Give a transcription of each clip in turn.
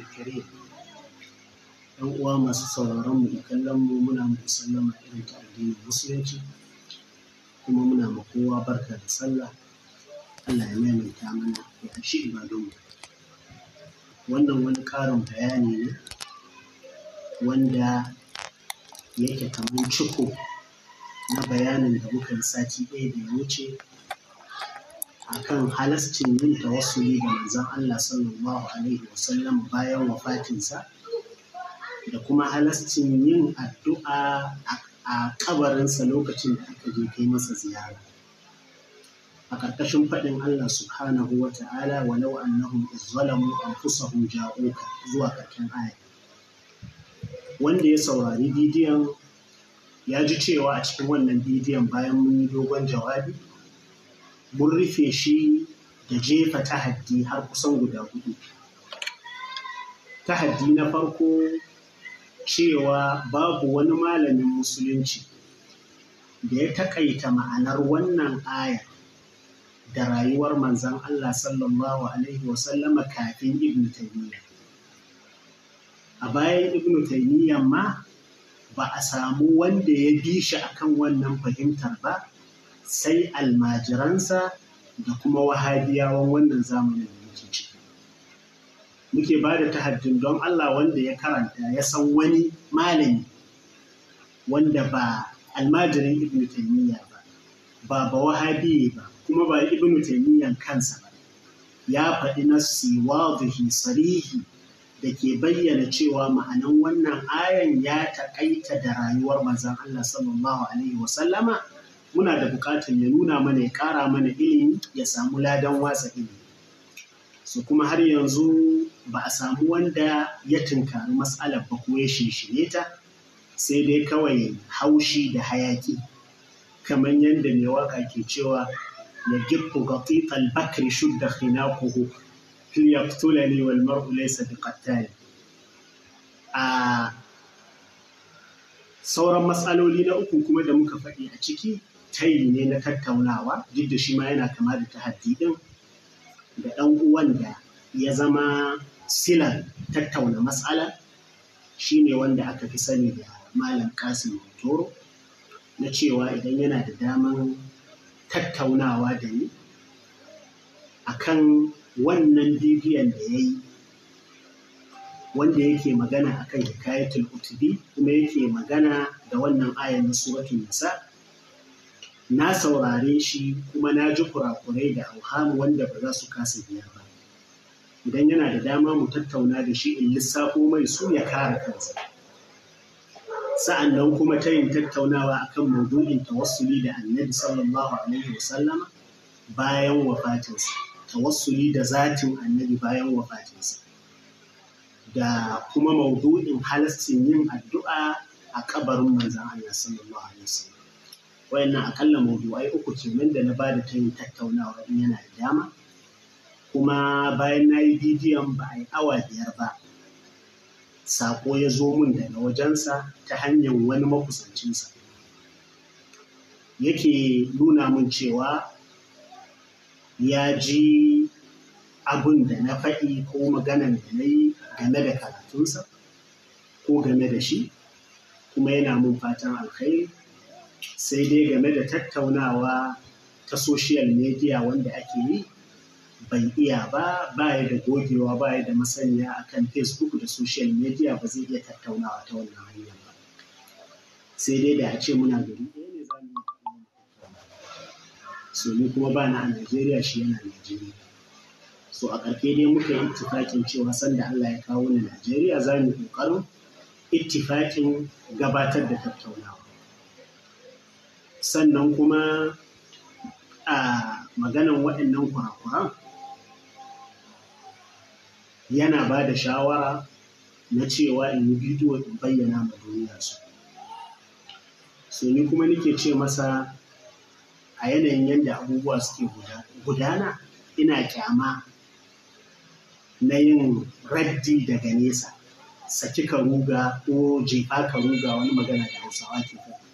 الكريم ɗan uwa masu sauraron mu kallon mu muna mu sallama irin ta addinin musulunci kuma muna ma kowa barka da sallah Allah ya maimaita mana ya shi ibadun mu wannan wani karin bayani ne wanda yake kamar ciko na bayanin da muka yi sati ɗaya da ya wuce akan halascin yin tawassuli da manzon Allah sallallahu alaihi wasallam bayan wafatinsa da kuma halascin yin addu'a a kabarinsa lokacin da aka je kai masa ziyara a ƙarƙashin faɗin Allah subhanahu wa ta'ala walau annahum izzalamu anfusahum ja'uka zuwa karkin aya wanda ya saurari bidiyon ya ji cewa a cikin wannan bidiyon bayan mun yi dogon jawabi mun rufe shi da jefa tahaddi har kusan guda hudu tahaddi na farko cewa babu wani malamin musulunci da ya takaita ma'anar wannan aya da rayuwar manzan Allah sallallahu alaihi wasallama kafin ibn taimiyya a bayan ibn taimiyya ma ba a samu wanda ya bi shi akan wannan fahimtar ba sai almajiransa da kuma wahabiyawan wannan zamanin da muke ciki muke ba da tahajjin don Allah wanda ya karanta ya san wani malami wanda ba almajirin Ibn Taymiyya ba ba ba wahabi ba kuma ba Ibn Taymiyya kansa ba ya faɗi nassi da sarihi da ke bayyana cewa ma'anan wannan ayan ya taƙaita da rayuwar manzon Allah sallallahu alaihi wasallama muna da buƙatar ya nuna mana ya ƙara mana ilimi ya samu ladan watsa ilimi su kuma har yanzu ba a samu wanda ya tunkari matsalar ba ko ya shinshine ta sai dai kawai haushi da hayaki kamar yadda mai waka ke cewa ya gifku ga tital bakri shudda khinaquhu fil yaqtulani wal mar'u da kattari a sauran matsaloli na uku kuma da muka faɗi a ciki tayi ne na tattaunawa duk da shi ma yana kama da tahaddi din da ɗan uwan da ya zama silar tattauna matsala shi ne wanda aka fi sani da malam kasim toro na cewa idan yana da daman tattaunawa da ni akan wannan bibiyan da ya yi wanda yake magana akan hikayatul utubi kuma yake magana da wannan ayan na suratul nisa' na saurare shi kuma na ji kurakurai da auhamu wanda ba za su kasa biya ba idan yana da dama mu tattauna da shi in lissafo mai su ya kare kansa sa'annan kuma ta yin tattaunawa akan maudu'in tawassuli da annabi sallallahu alaihi wasallama bayan wafatinsa tawassuli da zatin annabi bayan wafatinsa da kuma maudu'in halastin yin addu'a a kabarin manzan Allah sallallahu alaihi wasallam wayannan akalla mawdu'ai uku ce da na bada ta yin tattaunawa in yana da dama kuma bayan na yi bidiyon ba a yi awa biyar ba sako ya zo min daga wajensa ta hanyar wani makusancinsa yake nuna min cewa ya ji abin da na faɗi ko maganan da na yi game da karatunsa ko game da shi kuma yana mun fatan alkhairi sai dai game da tattaunawa ta social media wanda ake yi ban iya ba baya da gogewa baya da masaniya akan facebook da social media ba zai iya tattaunawa ta wannan hanyar ba sai dai da a ce muna gari ɗaya ne za mu so ni kuma ba na a najeriya shi yana najeriya so a ƙarfe dai muka yi ittifakin cewa sanda allah ya kawo ni najeriya za mu ƙoƙarin ittifakin gabatar da tattaunawa sannan kuma a maganan waɗannan kurakuran yana ba da shawara na cewa in yi bidiyo in bayyana ma duniya su so ni kuma nike ce masa a yanayin yadda abubuwa suke gudana ina kyama na yin raddi daga nesa saki ka ruga ko jefa ka ruga wani magana da hausawa ke faɗi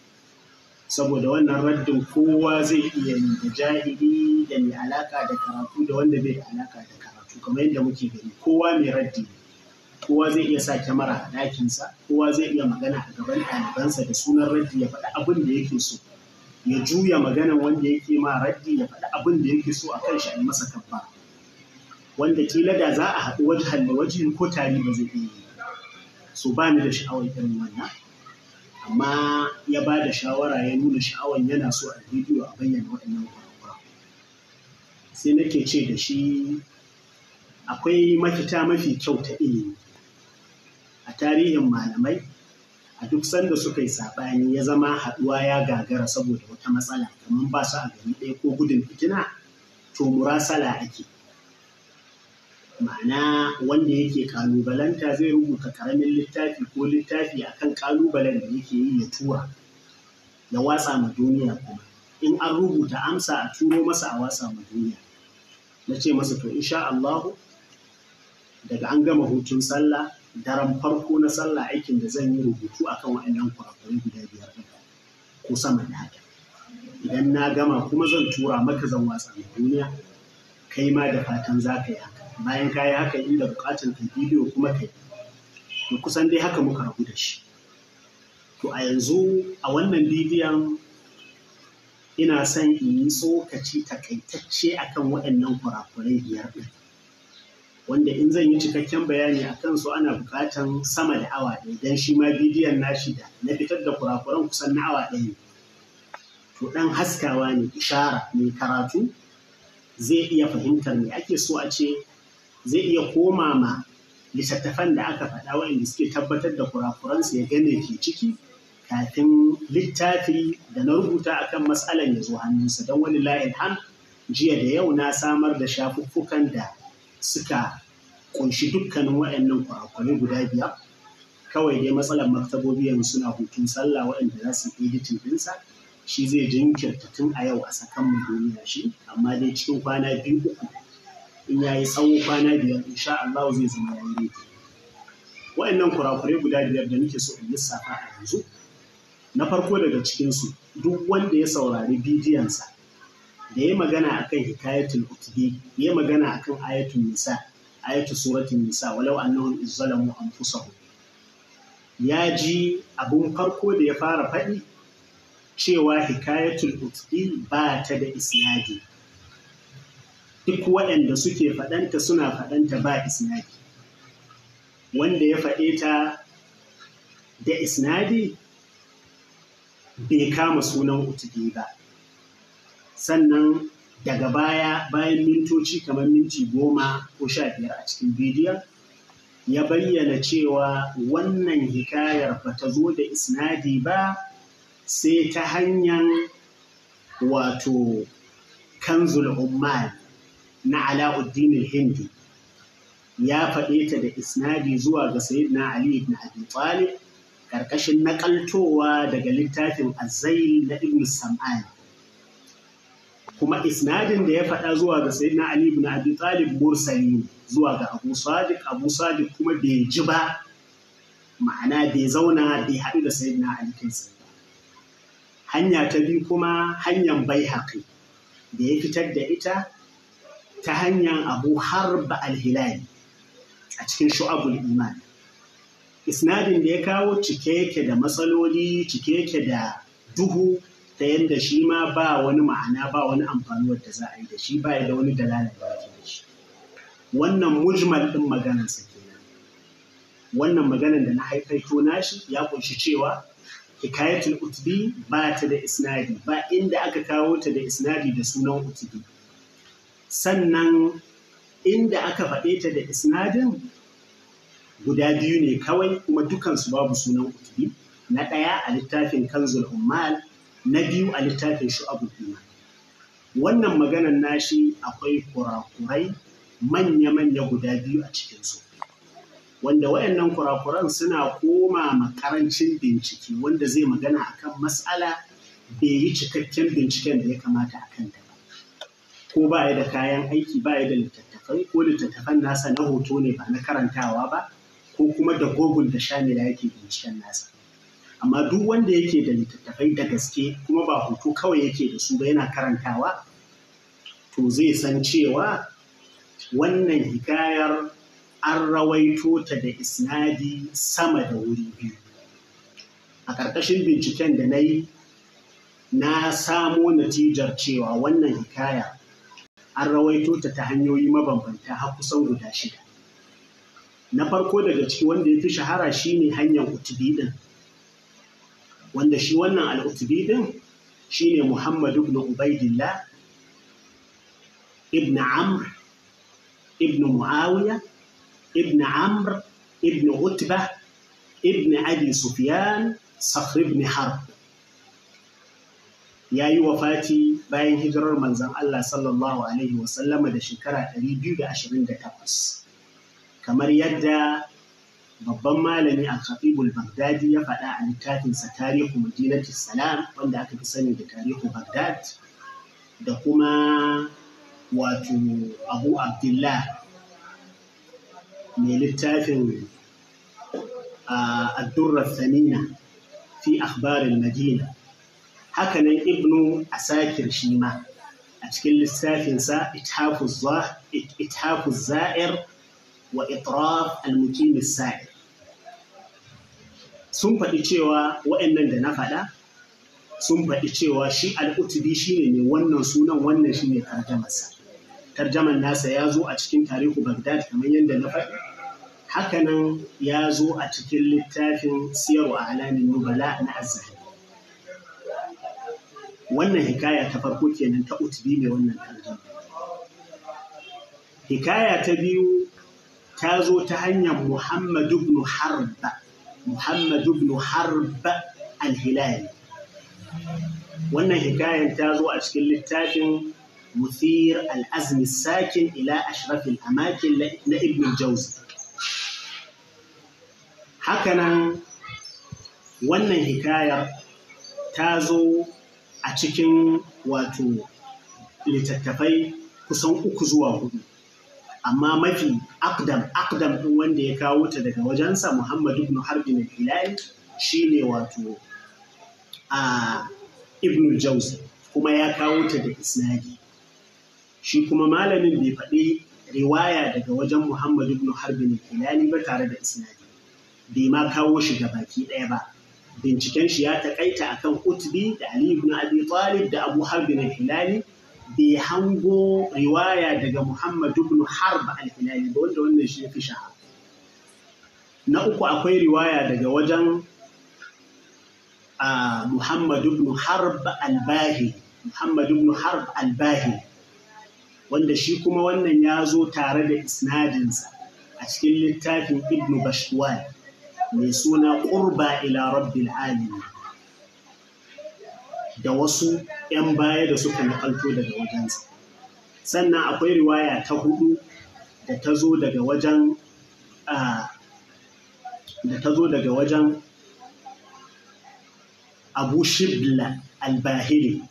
saboda wannan raddin kowa zai iya yi da jahili da mai alaka da karatu da wanda bai da alaka da karatu kamar yadda muke gani kowa mai raddi kowa zai iya sa kyamara a ɗakinsa kowa zai iya magana a gaban ɗalibansa da sunan raddi ya faɗi abin da yake so ya juya maganan wanda yake ma raddi ya faɗi abin da yake so a kan shi a masa kabba wanda kila da za a haɗu wajen da wajen ko tari ba zai iya yi so ba ni da sha'awar irin wannan amma ya ba da shawara ya nuna sha'awan yana so a bidiyo a bayyana waɗannan kurakuran sai nake ce da shi akwai makita mafi kyau ta ilimi a tarihin malamai a duk sanda suka yi saɓani ya zama haɗuwa ya gagara saboda wata matsala kamar ba su a gari ɗaya ko gudun fitina to murasala ake ma'ana wanda yake kalubalanta zai rubuta karamin littafi ko littafi akan kalubalen da yake yi ya tura ya watsa ma duniya kuma in an rubuta amsa a turo masa a watsa ma duniya na ce masa to insha Allahu daga an gama hutun sallah daren farko na sallah aikin da zan yi rubutu akan waɗannan kurakurai guda biyar ko sama da haka idan na gama kuma zan tura maka zan watsa ma duniya kai ma da fatan za ka yi haka bayan kayi haka inda bukatar ka bidiyo kuma kai to kusan dai haka muka rabu da shi to a yanzu a wannan bidiyon ina son in yi tsokaci takaitacce akan waɗannan kurakurai biyar ɗin wanda in zan yi cikakken bayani a kansu ana bukatan sama da awa ɗaya don shi ma bidiyon nashi da na fitar da kurakuran kusan na awa ɗaya to ɗan haskawa ne ishara mai karatu zai iya fahimtar me ake so a ce zai iya koma ma littattafan da aka faɗa waɗanda suke tabbatar da kurakuransu ya gane ke ciki kafin littafi da na rubuta akan matsalan ya zo hannunsa don wani la'in ham jiya da yau na samar da shafuffukan da suka kunshi dukkanin waɗannan kurakurai guda biyar kawai dai matsalar maktabobi yanzu suna hutun sallah waɗanda za su editin ɗinsa shi zai jinkirta tun a yau a sakan mu duniya shi amma dai cikin kwana biyu uku in ya yi tsawo kwana biyar insha Allah zai zama ya yi wa'annan kurakurai guda biyar da nake so in lissafa a yanzu na farko daga cikinsu duk wanda ya saurari bidiyonsa da ya magana akan hikayatul ukbi ya magana akan ayatul nisa ayatu suratul nisa walau annahum izzalamu anfusahum ya ji abun farko da ya fara faɗi cewa hikayatul ukbi ba ta da isnadi duk waɗanda suke faɗanta suna faɗanta ba isnadi wanda ya faɗe ta da isnadi bai kama sunan utubi ba sannan daga baya bayan mintoci kamar minti goma ko sha biyar a cikin bidiyon ya bayyana cewa wannan hikayar ba ta zo da isnadi ba sai ta hanyar wato kanzul ummal na Alauddin hindu hindi ya faɗe ta da isnadi zuwa ga Sayyidina Ali ibn Abi Talib karkashin nakaltowa daga littafin Azzail na Ibn Sam'an kuma isnadin da ya faɗa zuwa ga Sayyidina Ali ibn Abi Talib mursali zuwa ga Abu Sadiq Abu Sadiq kuma bai ji ba ma'ana bai zauna bai haɗu da Sayyidina Ali kai hanya ta biyu kuma hanyar bai haƙi da ya fitar da ita ta hanyar abu har harba hilali a cikin shu'abul iman isnadin da ya kawo cike yake da matsaloli cike yake da duhu ta yadda shi ma ba wani ma'ana ba wani amfani wadda za a yi da shi ba ya da wani dalala da yake da shi wannan mujmal din maganarsa kenan wannan maganar da na haifaito nashi ya kunshi cewa hikayatul utbi ba ta da isnadi ba inda aka kawo ta da isnadi da sunan utbi sannan inda aka faɗe ta da isnadin guda biyu ne kawai kuma dukansu babu sunan kutubi na ɗaya a littafin kanzul ummal na biyu a littafin shu'abul iman wannan maganan nashi akwai kurakurai manya-manya guda biyu a cikinsu wanda wayannan kurakuran suna koma makarancin bincike wanda zai magana akan matsala bai yi cikakken binciken da ya kamata a kanta ko ba ya da kayan aiki ba ya da littattafai ko littattafan nasa na hoto ne ba na karantawa ba ko kuma da google da shamila yake binciken nasa amma duk wanda yake da littattafai da gaske kuma ba hoto kawai yake da su ba yana karantawa to zai san cewa wannan hikayar an rawaito ta da isnadi sama da wuri biyu a ƙarƙashin binciken da na yi na samo natijar cewa wannan hikayar. an rawaito ta ta hanyoyi mabambanta har kusan guda shida na farko daga ciki wanda ya fi shahara shine hanyar utubi din wanda shi wannan al'utubi din shine Muhammadu ibn ubaidillah ibn amr ibn muawiya ibn amr ibn utba ibn abi sufyan Safar ibn حرب ya yi wafati bayan hijirar manzan Allah sallallahu Alaihi wasallama da shekara 228 kamar yadda babban malami a khatibul baghdadi ya faɗa a littafinsa tarihu madinati salam wanda aka fi sani da tarihu baghdad da kuma wato abu abdullah mai littafin a addurrar fi akhbarin madina hakanan ibnu asakir shi ma a cikin lissafinsa ithafu za'ir wa itraf al-mukim sa'ir sun faɗi cewa waɗannan da na faɗa sun faɗi cewa shi al'utubi shine ne mai wannan sunan wannan shine ne tarjamarsa tarjaman nasa ya zo a cikin tarihu bagdad kamar yadda na faɗi hakanan ya zo a cikin littafin siyarwa alamin nubala na azhar wannan hikaya ta farko kenan ta utubi mai wannan aljanna hikaya ta biyu ta zo ta hanyar Muhammad ibn Harb Muhammad ibn Harb al-Hilali wannan hikayan ta zo a cikin littafin مثير الأزم الساكن إلى أشرف الأماكن لابن الجوزي hakanan wannan hikayar ta zo a cikin wato littattafai kusan uku zuwa hudu amma mafi akdam akdam ɗin wanda ya kawo ta daga wajensa muhammadu ibn harbin al-hilali ne wato a ibn jauzi kuma ya kawo ta da isnadi shi kuma malamin bai faɗi riwaya daga wajen muhammadu ibn harbi na hilali ba tare da isnadi bai ma kawo shi ga baki ɗaya ba binciken shi ya takaita kan Utbi da Ali ibn Abi Talib da Abu Harb bin Hilali bai hango riwaya daga Muhammad ibn Harb al-Hilali ba wanda wannan shi fi shaha. na uku akwai riwaya daga wajen Muhammad ibn Harb al-Bahi Muhammad ibn Harb al-Bahi wanda shi kuma wannan ya zo tare da isnadinsa a cikin littafin Ibn bashwai mai suna ƙurba ila rabbil alamin da wasu 'yan baya da suka nakalto daga wajensa sannan akwai riwaya ta hudu da ta zo daga wajen da ta zo daga wajen abu shibla albahiri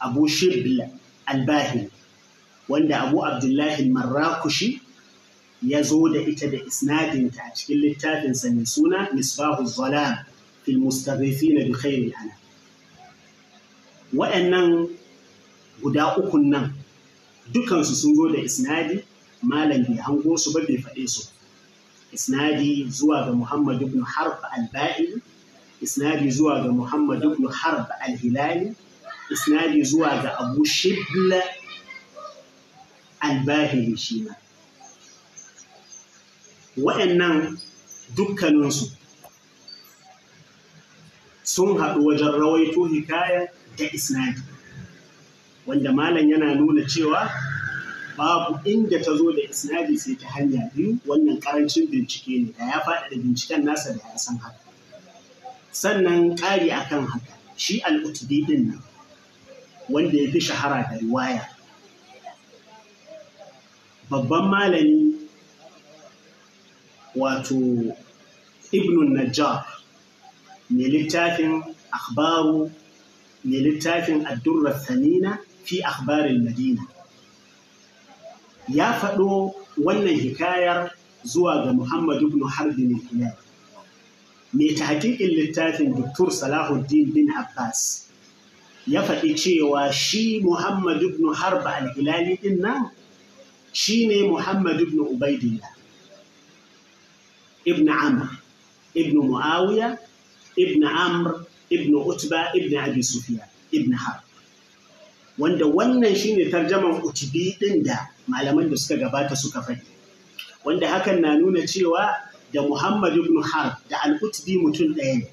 abu shibla albahiri wanda abu abdullahi marrakushi ya zo da ita da isnadinta a cikin littafinsa mai suna misbahu zalam fil mustaghifina bi khairil ana wa'annan guda ukun nan dukansu sun zo da isnadi malam bai hango su ba bai faɗe su isnadi zuwa ga Muhammad ibn Harb al bai isnadi zuwa ga Muhammad ibn Harb al-Hilali isnadi zuwa ga Abu Shibla al-Bahili shi ma wa'annan dukkaninsu sun haɗu wajen rawaito hikaya da isnadi wanda malam yana nuna cewa babu inda ta zo da isnadi sai ta hanya biyu wannan karancin bincike ne da ya faɗaɗa binciken nasa da ya san haka sannan ƙari akan haka shi al'utubi ɗin nan wanda ya fi shahara da riwaya babban malami wato ibnun najjar ne littafin akhbaru ne littafin addurrar sanina fi akhbarin madina ya faɗo wannan hikayar zuwa ga muhammad ibn harbin hilal mai ta hakikin littafin dr salahuddin bin abbas ya faɗi cewa shi muhammad ibn harba al-hilali ɗin nan shi ne muhammad ibn ubaidillah ibn amr ibn muawiya ibn amr ibn utba ibn abi sufyan ibn wanda wannan shine tarjaman utbi ɗin da malaman da suka gabata suka faɗi wanda hakan na nuna cewa da muhammad Ibnu harb da al mutum ɗaya ne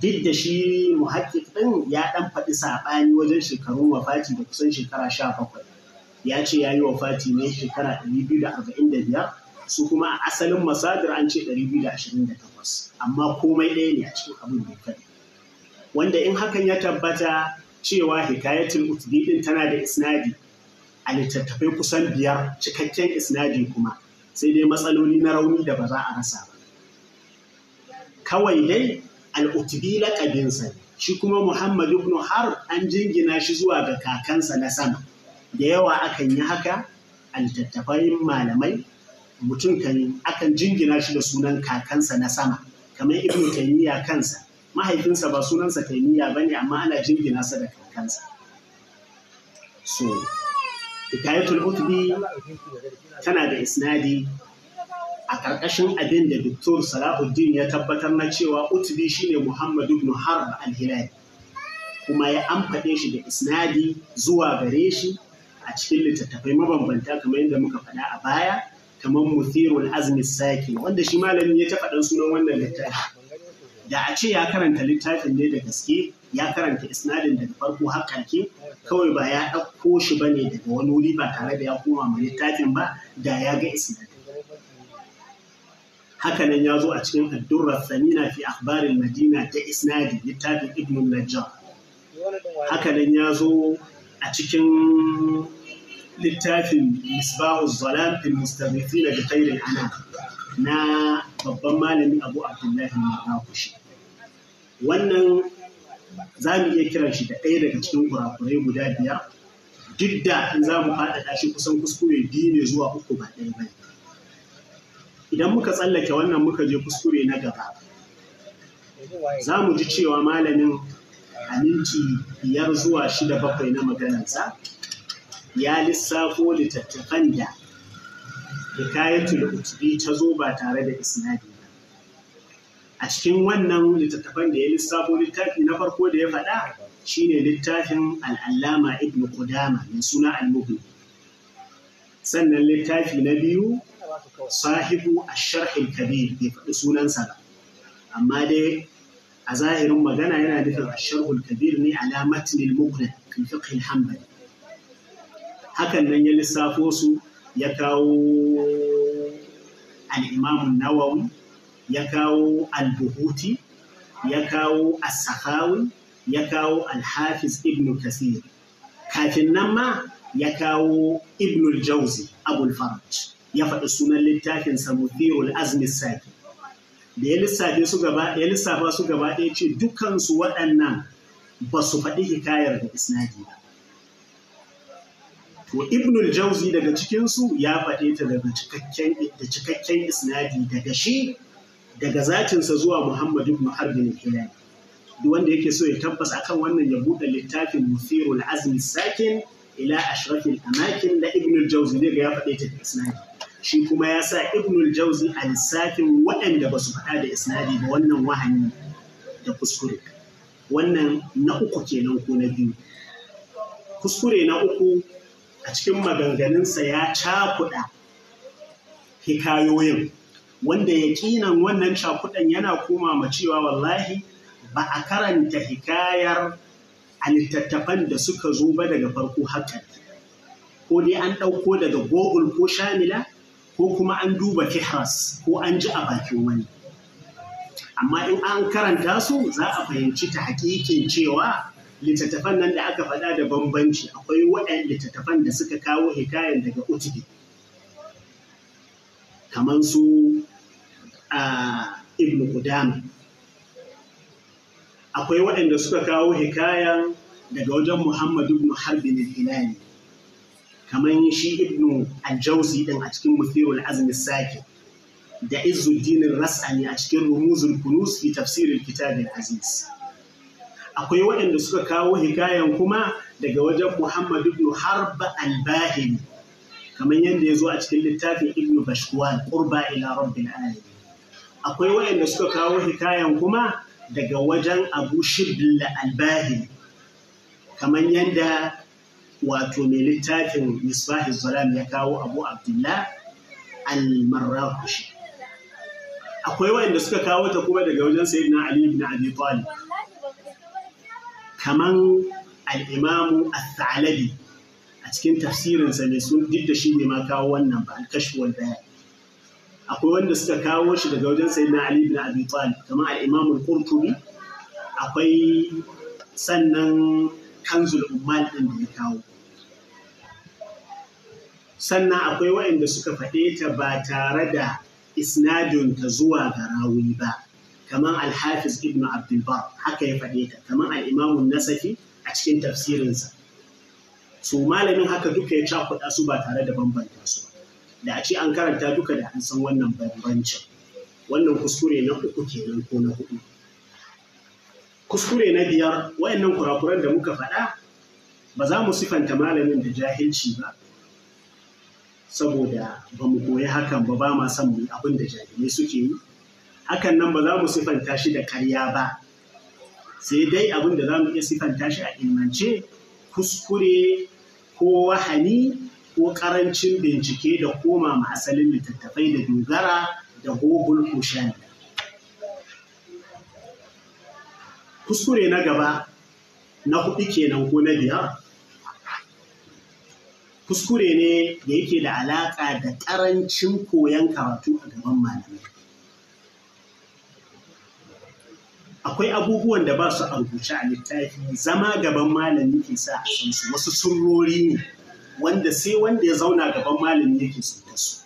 duk da shi muhakkik ɗin ya ɗan faɗi saɓani wajen shekarun wafati da kusan shekara sha bakwai ya ce ya yi wafati ne shekara ɗari biyu da arba'in da biyar su kuma a asalin masadir an ce 228 amma komai ɗaya ne a cikin abin da kai wanda in hakan ya tabbata cewa hikayatul utbi din tana da isnadi a littattafai kusan biyar cikakken isnadi kuma sai dai matsaloli na rauni da ba za a rasa ba kawai dai al'utbi laƙabinsa shi kuma muhammad ibn har an jingina shi zuwa ga kakansa na sama da yawa akan yi haka a littattafai malamai mutum kan akan jingina shi da sunan kakansa na sama kamar ibnu taymiya kansa mahaifinsa ba sunansa ba ne, amma ana jingina sa da kakansa so hikayatul utbi tana da isnadi a ƙarƙashin abin da doktor Salahuddin ya tabbatar na cewa utbi shine Muhammad ibn Harb al-Hilali kuma ya amfade shi da isnadi zuwa gare shi a cikin littattafai mabambanta kamar yadda muka faɗa a baya kamar muthirul azmi saki wanda shi malami ya ta faɗan sunan wannan littafi da a ce ya karanta littafin ne da gaske ya karanta isnadin daga farko har karke kawai ba ya ɗauko shi ba ne daga wani wuri ba tare da ya koma ma littafin ba da ya ga isnadin hakanan ya zo a cikin addurra samina fi akhbarin madina ta isnadi littafin ibnu najjar hakanan ya zo a cikin littafin misbahu zalam fil mustaghifina bi al anam na babban malami Abu Abdullahi Marakushi wannan za mu iya kiran shi da ɗaya daga cikin kurakurai guda biyar duk da in za mu faɗaɗa shi kusan kuskure biyu ne zuwa uku ba ɗaya ba idan muka tsallake wannan muka je kuskure na gaba za mu ji cewa malamin aminci minti biyar zuwa shida bakwai na maganarsa ya lissafo littattafan da hikayatul utubi ta zo ba tare da isnadi ba a cikin wannan littattafan da ya lissafo littafi na farko da ya faɗa shine littafin al'allama ibn qudama mai suna al-mughni sannan littafi na biyu sahibu Asharhin kabir bai faɗi sunansa ba amma dai a zahirin magana yana nufin Asharhul kabir ne ala matn al-mughni fi fiqh al-hanbali hakan nan ya lissafo su ya kawo al'imamun nawawi ya kawo al-buhuti ya kawo Asakawi, sahawi ya kawo al-hafiz ibn kasir kafin nan ma ya kawo ibn al-jauzi abul faraj ya faɗi sunan littafin sa muthirul azmi saki da ya lissafa su gaba ya lissafa su gaba ɗaya ce dukansu waɗannan ba su faɗi hikayar da isnadi ba to ibnul jauzi daga cikinsu ya faɗe ta daga cikakken da cikakken isnadi daga shi daga zatinsa zuwa muhammad ibn harbin hilal duk wanda yake so ya tabbas akan wannan ya buɗe littafin musirul azm sakin ila ashrafil amakin da ibnul jauzi daga ya faɗe ta isnadi shi kuma ya sa ibnul jauzi a lissafin waɗanda ba su faɗa da isnadi ba wannan wahani da kuskure wannan na uku kenan ko na biyu kuskure na uku a cikin maganganunsa ya cakuɗa hikayoyin wanda yaƙinan wannan cakuɗan yana koma ma cewa wallahi ba a karanta hikayar a littattafan da suka zo ba daga farko hakan ko dai an ɗauko daga gogul ko shamila ko kuma an duba Kihras ko an ji a bakin wani amma in an karanta su za a fahimci ta hakikin cewa littattafan nan da aka faɗa da bambanci akwai waɗanda littattafan da suka kawo hikayen daga utubi kamar su a ibn Qudama akwai waɗanda suka kawo hikayen daga wajen muhammadu ibn harbin hilali kamar shi ibn aljauzi din a cikin muthirul azmi saki da izuddin rasani a cikin rumuzul kunus tafsirin kitabin aziz akwai waɗanda suka kawo hikayan kuma daga wajen Muhammad ibn Harb al bahim kamar yadda ya zo a cikin littafin Ibn Bashwan Qurba ila Rabbil Alamin akwai waɗanda suka kawo hikayan kuma daga wajen Abu Shibl al bahim kamar yadda wato mai littafin Misbah Zalam ya kawo Abu Abdullah al-Marrakushi akwai waɗanda suka kawo ta kuma daga wajen Sayyidina Ali ibn Abi Talib kaman al'imamu al-thalabi a cikin tafsirinsa ne sun duk da shi ne ma kawo wannan ba al wal bayan akwai wanda suka kawo shi daga wajen sayyidina ali ibn abi talib kamar al-imamu al-qurtubi akwai sannan kanzul ummal din da ya kawo sannan akwai waɗanda suka faɗe ta ba tare da isnadin ta zuwa ga rawi ba kamar alhafiz ibn abdulbar haka ya faɗe ta kamar Al'imamu nasafi a cikin tafsirinsa Su malamin haka duka ya cakuɗa su ba tare da bambanta su da a ce an karanta duka da an san wannan bambancin wannan kuskure na uku kenan ko na hudu kuskure na biyar wayannan kurakuran da muka faɗa ba za mu sifanta malamin da jahilci ba saboda ba mu koyi hakan ba ba ma san mu abin da jahilai suke yi hakan nan ba za mu sifanta shi da karya ba sai dai abin da za mu iya sifanta shi a ilmance kuskure ko wahani ko karancin bincike da koma ma asalin littattafai da dogara da gogul ko kuskure na gaba na kuɗi kenan ko na biyar kuskure ne da yake da alaƙa da ƙarancin koyon karatu a gaban malamai akwai abubuwan da ba su a rubuce a littafi zama gaban malami ke sa a san su wasu surrori ne wanda sai wanda ya zauna gaban malami yake sauka su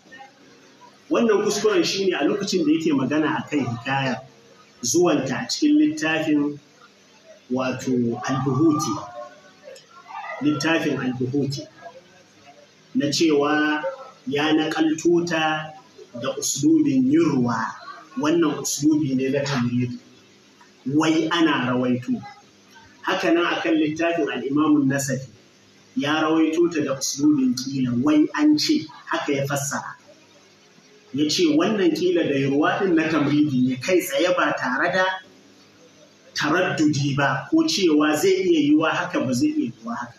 wannan kuskuren shine a lokacin da yake magana a kan hikaya zuwanta a cikin littafin wato albuhuti littafin albuhuti na cewa ya naƙaltota da uslubin yin ruwa wannan uslubi ne na tamiri wai ana rawaito hakanan kan littafin al'imamun nasafi ya rawaito ta da uslubin kila wai an ce haka ya fassara ya ce wannan kila da yiruwa ɗin na tamridi ne kai tsaye ba tare da taraddudi ba ko cewa zai iya yiwa haka ba zai iya yiwa haka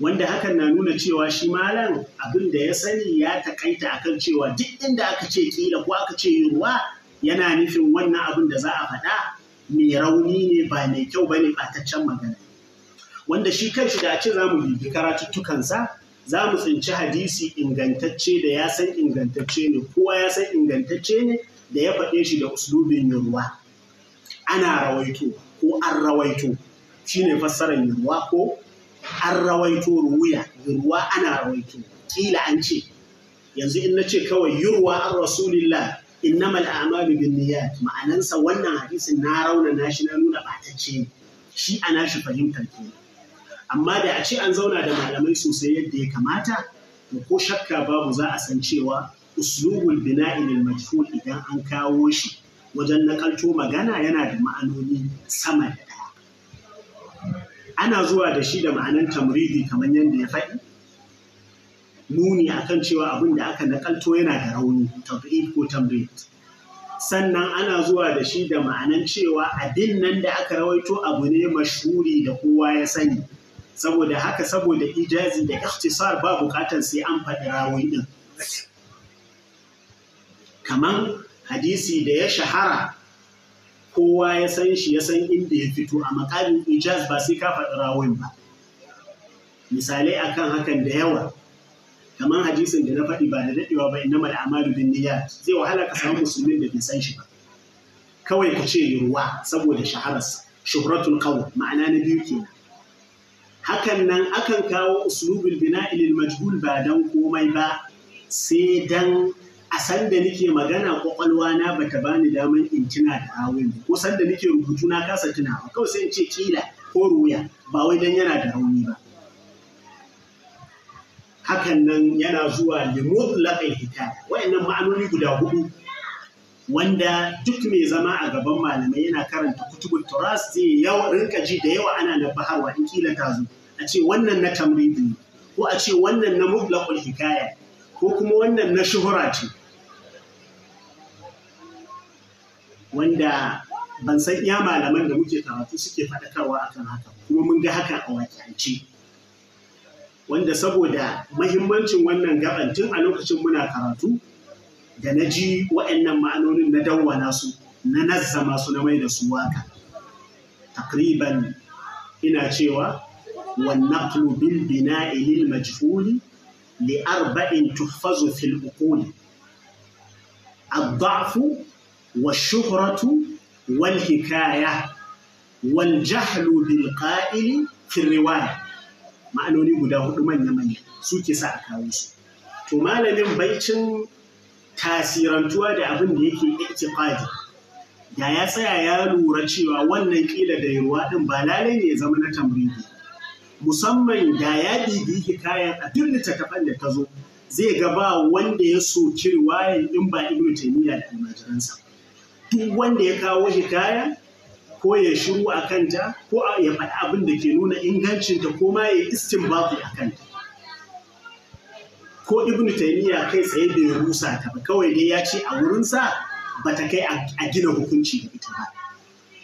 wanda hakan na nuna cewa shi malam abin da ya sani ya takaita kan cewa duk inda aka ce kila ko aka ce yiwuwa yana nufin wannan abin da za a faɗa mai rauni ne ba mai kyau ba ne ɓataccen magana wanda shi kan shi da a ce za mu bibi karatuttukansa za mu tsinci hadisi ingantacce da ya san ingantacce ne kowa ya san ingantacce ne da ya faɗe shi da uslubin yunwa ana rawaito ko an rawaito shine fassarar yunwa ko an rawaito ruwuya yunwa ana rawaito kila an ce yanzu in na ce kawai yurwa an rasulillah innamal a'malu binniyat ma'anansa wannan hadisin na na shi na nuna batacce shi ana shi fahimtar ke amma da a ce an zauna da malamai sosai yadda ya kamata to ko shakka babu za a san cewa uslubul bina'i lil majhul idan an kawo shi wajen nakalto magana yana da ma'anoni sama da ɗaya ana zuwa da shi da ma'anan tamridi kamar yadda ya faɗi nuni akan cewa abin da aka nakalto yana da rauni tabi'id ko tamrid sannan ana zuwa da shi da ma'anan cewa abin nan da aka rawaito abu ne mashuri da kowa ya sani saboda haka saboda ijazi da ikhtisar ba bukatar sai an faɗi rawi din kaman hadisi da ya shahara kowa ya san shi ya san inda ya fito a makamin ijaz ba sai ka faɗi rawin ba misalai akan hakan da yawa kamar hadisin da na faɗi ba da daɗewa ba inna mal amalu bin niyyat zai wahala ka samu musulmin da bai san shi ba kawai ka ce ruwa saboda shahararsa shuhratul qawl ma'ana na biyu kenan hakan nan akan kawo uslubul Binail majhul ba dan komai ba sai dan a san da magana kwakwalwa na ba ta bani daman in tuna da rawin ko san da rubutu na kasa tunawa kawai sai in ce kila ko ruya ba wai dan yana da rauni ba hakan nan yana zuwa limut laƙai hikaya wa'annan ma'anoni guda hudu wanda duk mai zama a gaban malamai yana karanta kutubul turas zai yawa rinka ji da yawa ana baharwa in kila ta zo a ce wannan na tamridi ko a ce wannan na mublaqul hikaya ko kuma wannan na shuhura ce wanda ban san iya malaman da muke karatu suke faɗakarwa akan haka kuma mun ga hakan a wakilance. wanda saboda mahimmancin wannan gaban tun a lokacin muna karatu da na ji wa'annan ma'anonin na dawwana su na nazzama su na mai da su waka takriban ina cewa والنقل بالبناء للمجهول لأربع تحفظ shuhratu wal hikaya wal jahlu bil بالقائل في الرواية ma'anoni guda hudu manya-manya suke sa a kawo su to malamin baicin tasirantuwa da abin da yake iktifadi da ya tsaya ya lura cewa wannan kila da ruwa din ba lalai ne ya zama na tamridi musamman da ya bibi kayan a duk littattafan da ta zo zai ga ba wanda ya soki riwayan in ba ibn taimiyya da almajiransa duk wanda ya kawo hikaya ko ya shiru a kanta ko ya faɗi abin da ke nuna ingancinta ko ma ya babu a kanta ko Ibn taymiya kai tsaye bai rusa ta ba kawai dai ya ce a wurinsa ba ta kai a gina hukunci da ita ba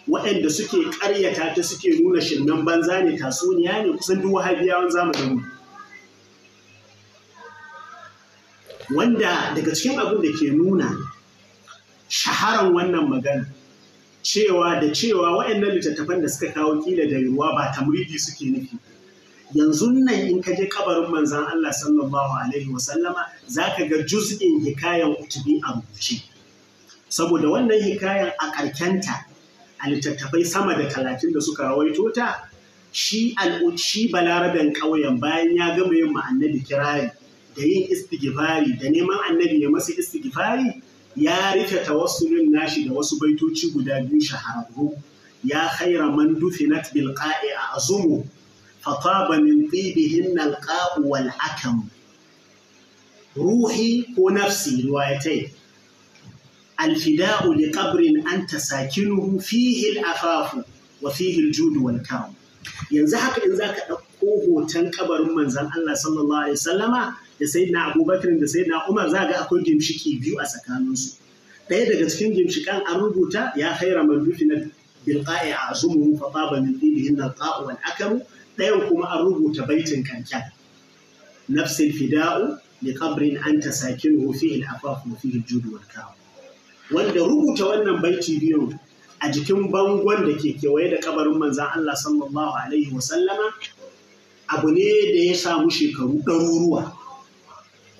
waɗanda suke ƙaryata ta suke nuna shirmen banza ne tasuniya ne kusan duk wahabiyawan zamanin mu wanda daga cikin abin da ke nuna shaharan wannan magana cewa da cewa waɗannan littattafan da suka kawo kila da yiwuwa ba tamridi suke nufi yanzu nan in ka je kabarin manzan Allah sallallahu alaihi Sallama, za ka ga juz'in hikayan utubi a rubuce saboda wannan hikayan a karkenta a littattafai sama da talatin da suka rawaito ta shi al'uci balaraben ƙauyen bayan ya gama yin annabi kirari da yin istigifari da neman annabi ya masu istigifari ya rike tawassulin nashi da wasu baitoci guda biyu shahararru ya khaira man dufinat bil qa'i a azumu fataba min tibihin al qa'u wal hakam ruhi ko nafsi riwayatai alfida'u li qabrin anta sakinuhu fihi al afafu wa fihi al jud wal yanzu haka in zaka dauko hoton kabarin manzon Allah sallallahu alaihi wasallama da na abubakar da na umar za ga akwai gimshiki biyu a tsakaninsu ɗaya daga cikin gimshikan an rubuta ya haira mallufi na bilƙa'i a azumuhu fa taba min dibihin na qa'u akaru ɗaya kuma an rubuta baitin kankan nafsil fida'u li qabrin an ta sakin, al-afaf wa fihi al wanda rubuta wannan baiti biyu a jikin bangon da ke kewaye da kabarin manzan Allah sallallahu alaihi wasallama abu ne da ya samu shekaru ɗaruruwa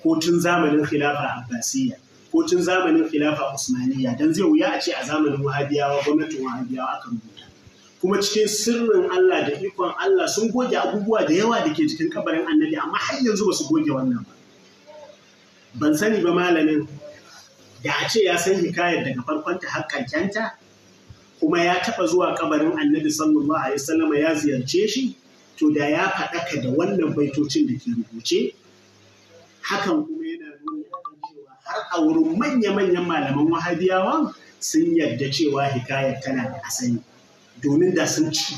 Kotun zamanin khilafa abbasiyya kotun zamanin khilafa usmaniyya dan zai wuya a ce a zamanin wahabiyawa gwamnatin wahabiyawa aka rubuta kuma cikin sirrin Allah da ikon Allah sun goge abubuwa da yawa da ke cikin kabarin annabi amma har yanzu ba su goge wannan ba ban sani ba malamin da a ce ya san hikayar daga farkon ta har kankanta? kuma ya taɓa zuwa kabarin annabi sallallahu alaihi wasallam ya ziyarce shi to da ya faɗaka da wannan baitocin da ke rubuce hakan kuma yana nuna cewa har a wurin manya-manyan malaman wahabiyawa sun yarda cewa hikayar tana da asali domin da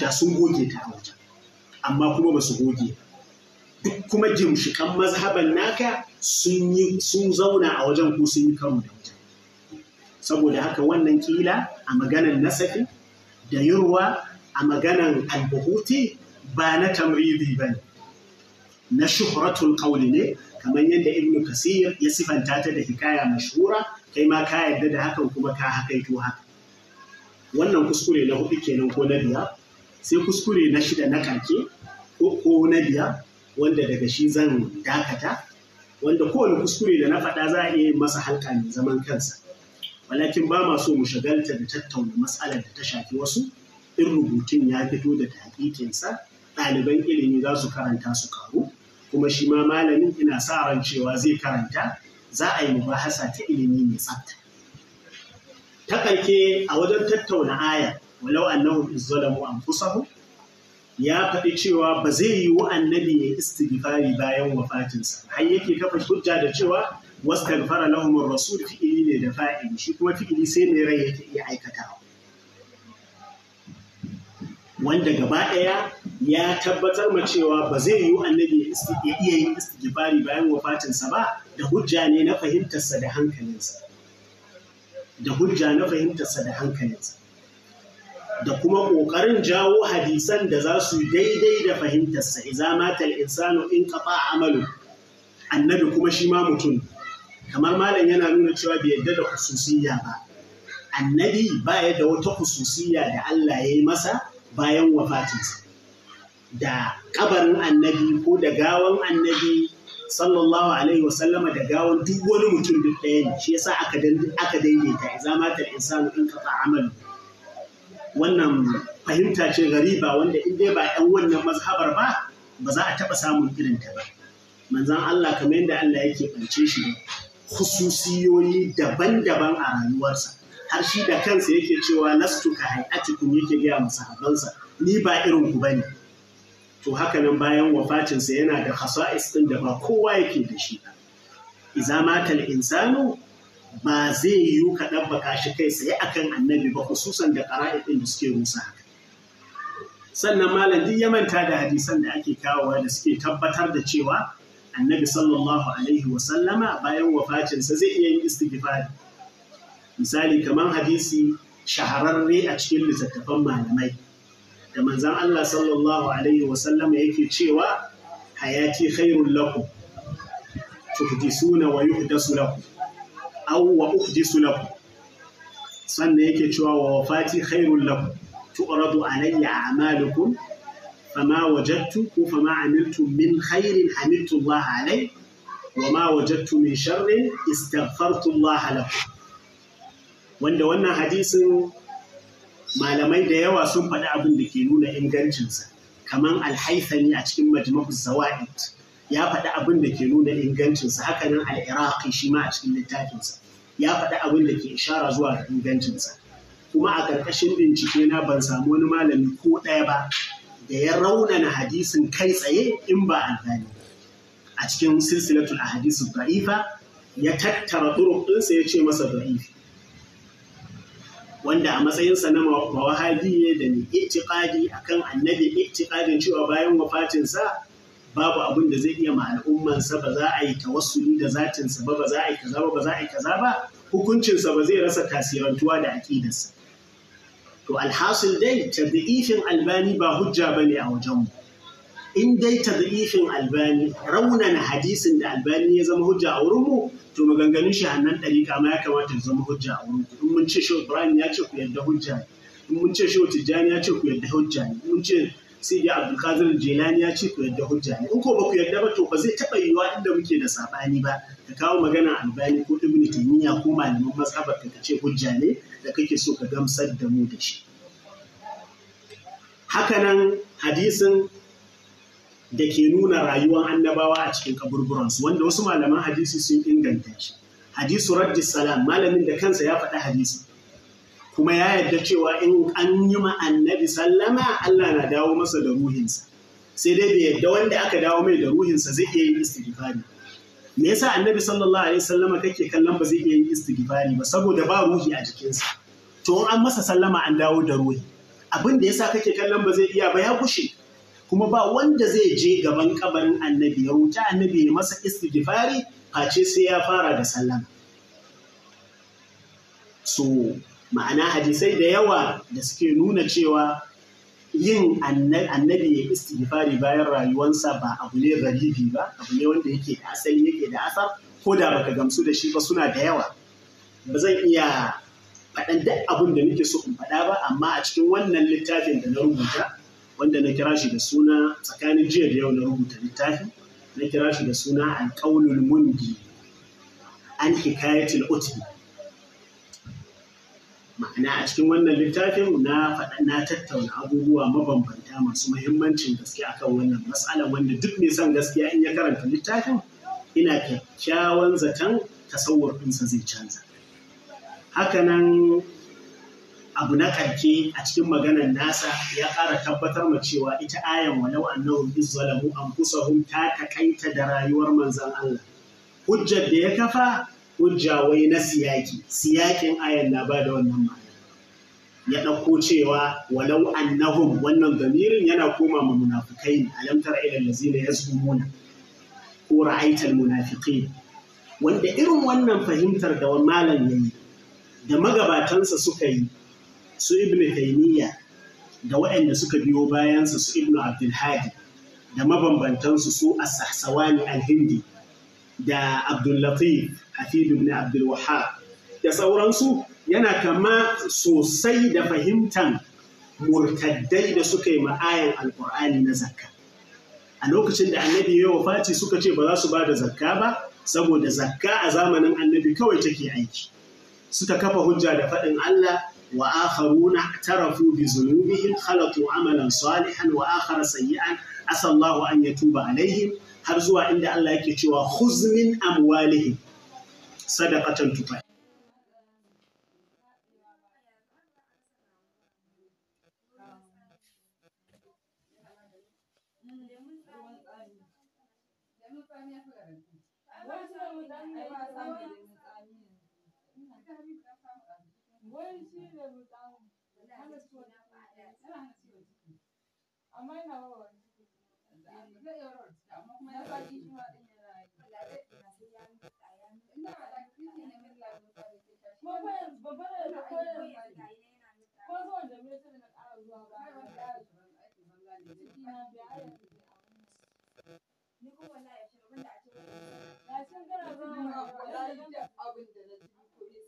sun goge ta a wajen amma kuma ba su goge duk kuma gimshikan mazhaban naka sun yi zauna a wajen ko sun yi karo da wajen saboda haka wannan kila a maganan nasafi da yurwa a maganan albuhuti ba na tamridi ba ne na shuhratul qawli ne kamar yadda ibnu kasir ya sifanta ta da hikaya mashura kai ma ka yarda da hakan kuma ka ito haka wannan kuskure na hudu kenan ko na biyar sai kuskure na shida na kake ko na biyar wanda daga shi zan dakata wanda kowane kuskure da na faɗa za a iya yin masa halka mai zaman kansa walakin ba ma so mu shagalta da tattauna matsalar da ta shafi wasu in rubutun ya fito da taƙiƙinsa ɗaliban ilimi za su karanta su karu kuma shi ma malamin ina sa ran cewa zai karanta za a yi mubahasa ta ilimi mai tsafta ta ƙarke a wajen tattauna aya walau annahu izzalamu kusahu ya faɗi cewa ba zai yi wa annabi ya istighfari bayan wafatinsa har yake kafa hujja da cewa wastaghfara lahum ar-rasul fi'ili ne da fa'ili shi kuma fi'ili sai mai rai yake iya aikatawa wanda gaba ɗaya ya tabbatar ma cewa ba zai yi annabi ya iya yin istighfari bayan wafatinsa ba da hujja ne na fahimtarsa da hankalinsa da hujja na fahimtarsa da hankalinsa da kuma ƙoƙarin jawo hadisan da za su daidai da fahimtarsa iza matal insano in kafa amalu annabi kuma shi ma mutum kamar malam yana nuna cewa bai yadda da hususiyya ba annabi ba ya da wata hususiyya da Allah ya yi masa bayan wafatinsa da kabarin annabi ko da gawan annabi sallallahu alaihi wasallama da gawan duk wani mutum duk ɗaya ne shi yasa aka aka daidaita idza mata insanu in kafa amalu wannan fahimta ce gari ba wanda in dai ba 'yan wannan mazhabar ba ba za a taɓa samun irin ta ba manzon Allah kamar yadda Allah yake ɓance shi khususiyoyi daban-daban a rayuwarsa har shi da kansa yake cewa lastu ka hayatikum yake gaya masahabansa ni ba irin ku bane to haka nan bayan wafatinsa yana da khasa'is ɗin da ba kowa yake da shi ba iza matal insanu ba zai yiwu ka ɗabbaka shi kai sai akan annabi ba khususan da ƙara'i ɗin da suke rusa sannan malam duk ya manta da hadisan da ake kawowa da suke tabbatar da cewa annabi sallallahu alaihi wa sallama bayan wafatinsa zai iya yin istighfari misali kamar hadisi shahararre a cikin littattafan malamai da manzan Allah sallallahu alaihi wasallama yake cewa hayati khairul lakum tuhdisuna wa yuhdasu lakum aw wa uhdisu lakum sannan yake cewa wa wafati khairul lakum tu'radu alayya a'malukum fama wajadtu ko fama amiltu min khairin hamiltu Allah alayhi wa ma wajadtu min sharrin istaghfartu Allah lakum wanda wannan hadisin malamai da yawa sun faɗi abin da ke nuna ingancinsa kamar alhaifani a cikin majmu'uz zawa'id ya faɗi abin da ke nuna ingancinsa hakanan al-iraqi shi ma a cikin littafinsa ya faɗi abin da ke ishara zuwa ga ingancinsa kuma a ƙarƙashin bincike na ban samu wani malami ko ɗaya ba da ya raunana hadisin kai tsaye in ba albani a cikin silsilatul ahadisu da'ifa ya tattara turuk ɗinsa ya ce masa da'ifi wanda a matsayinsa na mawahabi ne da mai a kan annabi itiqadin cewa bayan wafatinsa babu abin da zai iya ma al'ummansa ba za a yi tawassuli da zatinsa ba ba za a yi kaza ba ba za a yi kaza ba hukuncinsa ba zai rasa tasirantuwa da aƙidarsa to alhasil dai tadifin albani ba hujja bane a wajenmu in dai tadifin albani raunana hadisin da albani ya zama hujja a wurinmu to maganganun shahannan ɗari kama ya kamata ya zama hujja a wurin in mun ce shi ibrahim ya ce ku yadda hujja ne in mun ce shehu tijjani ya ce ku yadda hujja ne in mun ce sai ya jelani ya ce ku yadda hujja ne in ko ba ku yarda ba to ba zai taɓa yiwuwa inda muke da saɓani ba ka kawo magana albani ko ibnu taymiya ko malaman mazhabar ka ce hujja ne da kake so ka gamsar da mu da shi Haka nan, hadisin da ke nuna rayuwar annabawa a cikin kaburburansu wanda wasu malaman hadisi sun inganta shi hadisu raddi salam malamin da kansa ya faɗi hadisi kuma ya yarda cewa in an yi ma annabi sallama Allah na dawo masa da ruhinsa sai dai bai yarda wanda aka dawo mai da ruhinsa zai iya yin istighfari me yasa annabi sallallahu alaihi wasallama kake kallon ba zai iya yin istighfari ba saboda ba ruhi a jikinsa to an masa sallama an dawo da ruhi abin da yasa kake kallon ba zai iya ba ya bushe kuma ba wanda zai je gaban kabarin annabi ya roƙi annabi ya masa istighfari face sai ya fara da sallama so ma'ana hadisai da yawa da suke nuna cewa yin annabi ya istighfari bayan rayuwansa ba abu ne garibi ba abu ne wanda yake da asali yake da asar ko da baka gamsu da shi ba suna da yawa ba zan iya faɗan duk abin da nake so in faɗa ba amma a cikin wannan littafin da na rubuta wanda na kira shi da suna tsakanin jiya da yau na rubuta littafi na kira shi da suna alƙaunul mundi an hikayatul utbi ma'ana a cikin wannan littafin na faɗa na tattauna abubuwa mabambanta masu mahimmancin gaske akan wannan matsala wanda duk mai son gaskiya in ya karanta littafin ina kyakkyawan zaton tasawwar ɗinsa zai canza hakanan abu na karke a cikin maganar nasa ya ƙara tabbatar ma cewa ita ayan walau annahum izzalamu anfusahum ta takaita da rayuwar manzon Allah hujjar da ya kafa hujja wai na siyaki siyakin ayan na ba da wannan ma'ana ya ɗauko cewa walau annahum wannan gamirin yana koma ma munafukai ne alam tara ila allazina yazhumuna ko ra'aital munafiqin wanda irin wannan fahimtar da malam yayi da magabatansa suka yi su ibn taymiya da waɗanda suka biyo bayansa su ibn abdulhadi da mabambantansu su as-sahsawani al-hindi da abdullatif hafid ibn abdulwahab da sauransu yana kama sosai da fahimtan murtaddai da suka yi ma'ayan alkur'ani na zakka a lokacin da annabi ya wafati suka ce ba za su ba da zakka ba saboda zakka a zamanin annabi kawai take aiki suka kafa hujja da faɗin Allah وآخرون اعترفوا بذنوبهم خلطوا عملا صالحا وآخر سيئا عسى الله أن يتوب عليهم har zuwa inda Allah yake cewa huzmin amwalihim sadaqatan tutahhir Thank you. wai shi da rutsawo hana ciwon yana ciwon ciki amma ina ba wa ciki zai iya rawar amma kuma ya faɗi shi ma ɗin yana yi ina da kike ne min shi. ko bayan babbar da koyar ko zuwan jami'a tana na ƙara zuwa ba ya ƙara shirin aiki banza ne ciki na biya a yanzu a wannan ni kuma wallahi da a ya cin gara zama abin da na ci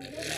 Yeah.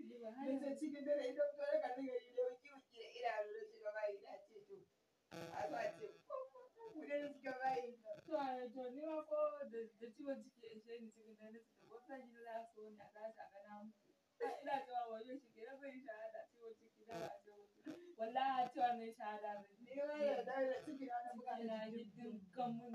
Nisa cikin dare idan to daga daga yi da wiki wiki da idanu na bayi na ce to. A zuwa ce kuɗe da bayi. To a to ni ma ko da ciwon ciki ya shi ni cikin dare su da wata shi za su wani a za a gana muku. Ina cewa wajen shi ke rafa yin shahada ciwon ciki da ba a ce mutu. Wallahi cewa na shahada ne. Ni ma yarda da ciki na na buƙatar. Ina yi dukkan mun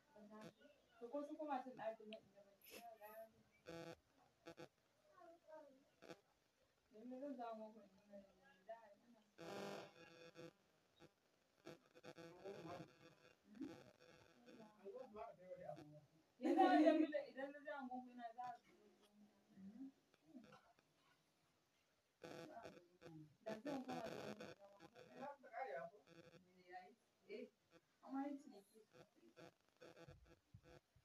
I wanted